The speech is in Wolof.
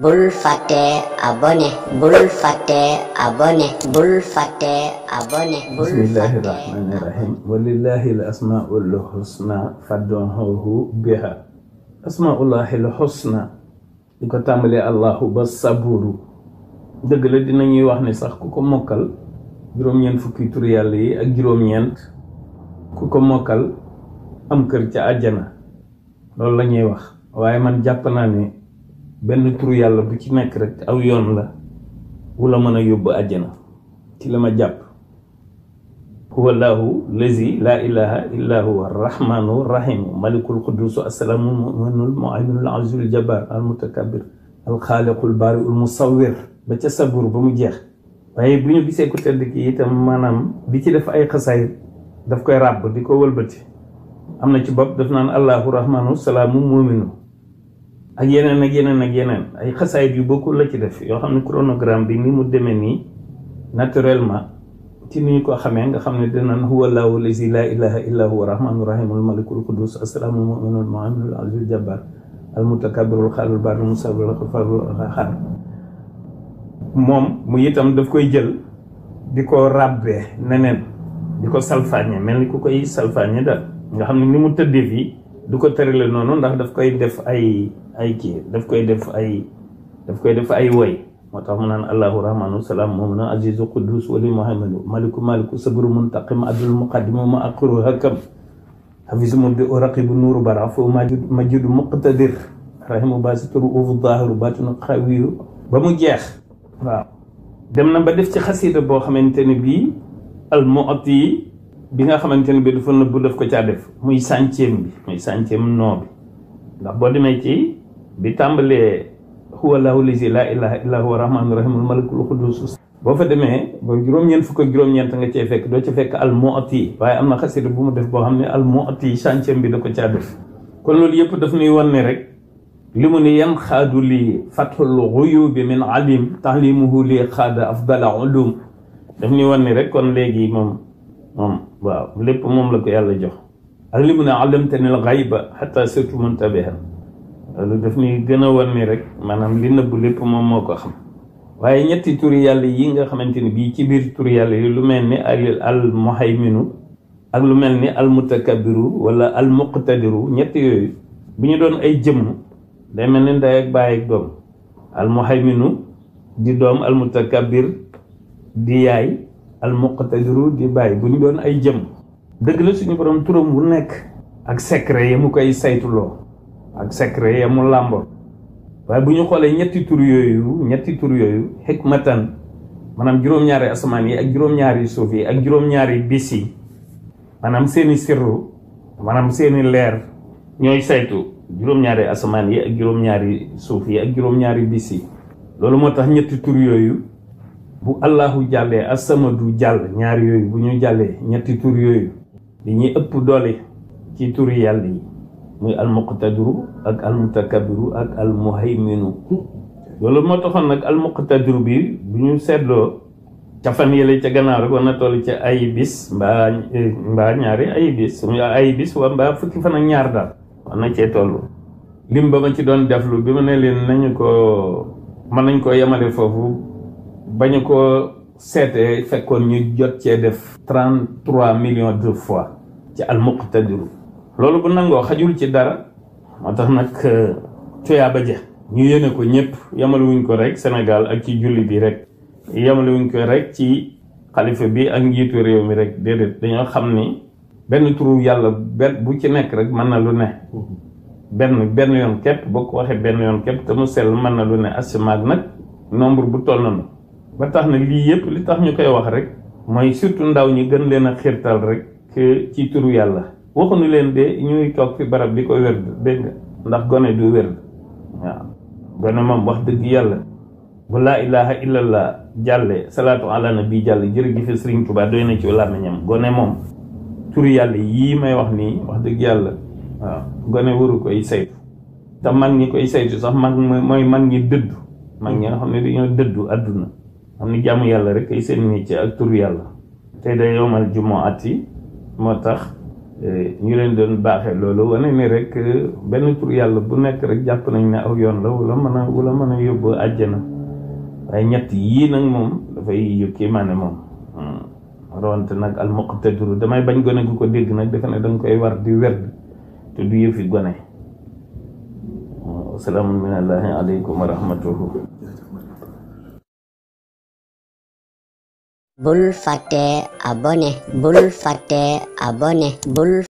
bul fàtte abonné bul fàtte abonné bul fàtte abonné bismillahi rahmani rahim walillahi al asmaul husna fadduhu biha asmaullahi al ko tàmbalee allahu ba saburu dëgg la ñuy wax ni sax ku ko mokkal juróom-ñeent fukki tur yàlla yi ak juróom-ñeent ku ko mokkal am kër ca àjjana loolu lañuy wax waaye man jàpp naa ni benn turu yàlla bu ci nekk rek aw yoon la wu la mën a yóbbu àjjana ci la ma jàpp huwa lazi laa ilaha illa huwa arrahmanu rahimu malikul quddus assalaamu muminul muaminul azizul jabar almutakabir alxaaliqul baariul musawir ba ca sabur ba mu jeex waaye bu ñu gisee ku tedd ki itam maanaam di ci def ay xasaay daf koy ràbb di ko wëlbati am na ci bopp daf naan allahu rahmanu salaamu muminu ak yeneen ak yeneen ak yeneen ay xasaayit yu bokkul la ci def yoo xam ne chronogramme bi ni mu demee nii naturellement ci ni ñu ko xamee nga xam ne dinañ huwa allahu lazi la ilaha illa huwa rahmanu rahimul malikul qudus asalaamul muminul muaminul azizul jabbar al mutakabirul xaalul barul musabirul xafarul xar moom mu itam daf koy jël di ko ràbbee neneen di ko salfaañe mel ni ku koy salfaañe daal nga xam ne ni mu tëddee fii du ko tërale noonu ndax daf koy def ay ay kii daf koy def ay daf koy def ay woy moo tax mu naan allahu rahmanu salaam moom na azizu qudus wali muhammadu maliku maliku sabru muntaqim abdul muqaddimu ma aqru hakam hafizu mubdi u raqibu nuuru bara majud majidu muqtadir rahimu basituru ufu dahiru batinu xawiyu ba mu jeex waaw dem na ba def ci xasida boo xamante ne bii al muati bi nga xamante ne bi dafa nëbbu daf ko caa def muy centième bi muy centième noo bi ndax boo demee ci bi tàmbalee huwa lahu lazi laa ilaha illa huwa rahmaanu rahimul malikul qudus boo fa demee boo juróom-ñeent fukk ak juróom-ñeent nga cee fekk doo ci fekk al mu'ti waaye am na xasida bu mu def boo xam ne al mu'ti centième bi da ko caa def kon loolu yëpp daf nuy wan ne rek li mu ni yan xaadu li fathul ghuyubi min alim taxlimuhu li xaada afdala ulum daf nuy wan ne rek kon léegi moom waaw lépp moom la ko yàlla jox ak li mu ne allamtani al xayba xataa surtout muntabihan loolu daf ni gën a wan ni ñetti turi yàlla yi nga xamante ni ci biir turi yàlla yi lu mel al al muhayminu ak lu mel al mutakabiru wala al muqtadiru ñetti yooyu bu ñu doon ay jëmm day mel ni ak baay ak doom al muhayminu di doom al mutakabir di yaay al muqtadiru di bay bu ñu doon ay jëm deug la suñu borom turam wu nekk ak secret ya mu koy saytuloo ak secret ya lambo làmbo bu ñu xolé ñetti tur yoyu ñetti tur yoyu hikmatan manam juroom ñaari asman yi ak juroom ñaari suuf yi ak juroom ñaari bisi manam seeni sirru manam seeni leer ñoy saytu juroom ñaari asman yi ak juroom ñaari suuf yi ak juroom ñaari bisi lolu motax ñetti tur yoyu bu allahu jalle asamadu jall ñaar yoy bu ñu jalle ñetti tur yoy li ñi ëpp doole ci tur yalla yi muy muqtadir ak mutakabbir ak almuhayminu mo taxon nak al muqtadir bi bu ñu seetloo ca fan yele ca gannaaw rek war tollu toll ca ay bis mba mba ñaari ay bis ay bis wa mba fukki fan ñaar dal ci tollu lim ba ma ci doon deflu bi ma ne len nañ ko man nañ ko yamale fofu bañ ko sété fekkon ñu jot ci def 33 millions de fois ci al muqtadir lolu bu nango xajul ci dara motax nak euh, tuya ba je ñu yene ko yamal wuñ ko rek senegal ak ci julli bi rek wuñ ko rek ci khalifa bi ak njiitu rew mi rek dedet dañu xamni ben benn turu yàlla bu ci nek rek man na lu ne ben ben yon kep bokk ko ben yon kep te mu sel man na lu ne asimaag nak nombre bu toll ba tax na lii yëpp li tax ñu koy wax rek mooy surtout ndaw ñi gën leen a xiirtal rek ci turu yàlla waxuñu leen de ñuy toog fi barab bi ko wér dégg nga ndax gone du wér waaw gone moom wax dëgg yàlla bu laa ilaha illallah jàlle salaatu ala nabi jàlle jërëjëfe Sëriñ Tuubaa doy na ci làmmiñam gone moom turu yàlla yii may wax nii wax dëgg yàlla waaw gone waru koy saytu te mag ñi koy saytu sax mag mooy mag ñi dëddu mag ñi nga xam ne dañoo dëddu àdduna am ni jàmm yàlla rek ay seen métier ak tur yàlla te day yomal juma at yi moo tax eh, ñu leen doon baaxee loolu wane ni rek eh, benn tur yàlla bu nekk rek jàpp nañ ne aw yoon la wala mën a mën a yóbbu àjjana waaye ñett yii nag moom dafay yukki maane moom hmm. rawante nag al muqtadiru damay bañ gone gu ko dégg nag dafa ne danga koy war di werd te du yëfi gone salaamun minallahi aleykum wa rahmatuhu bul à abonné bul fàtte à bul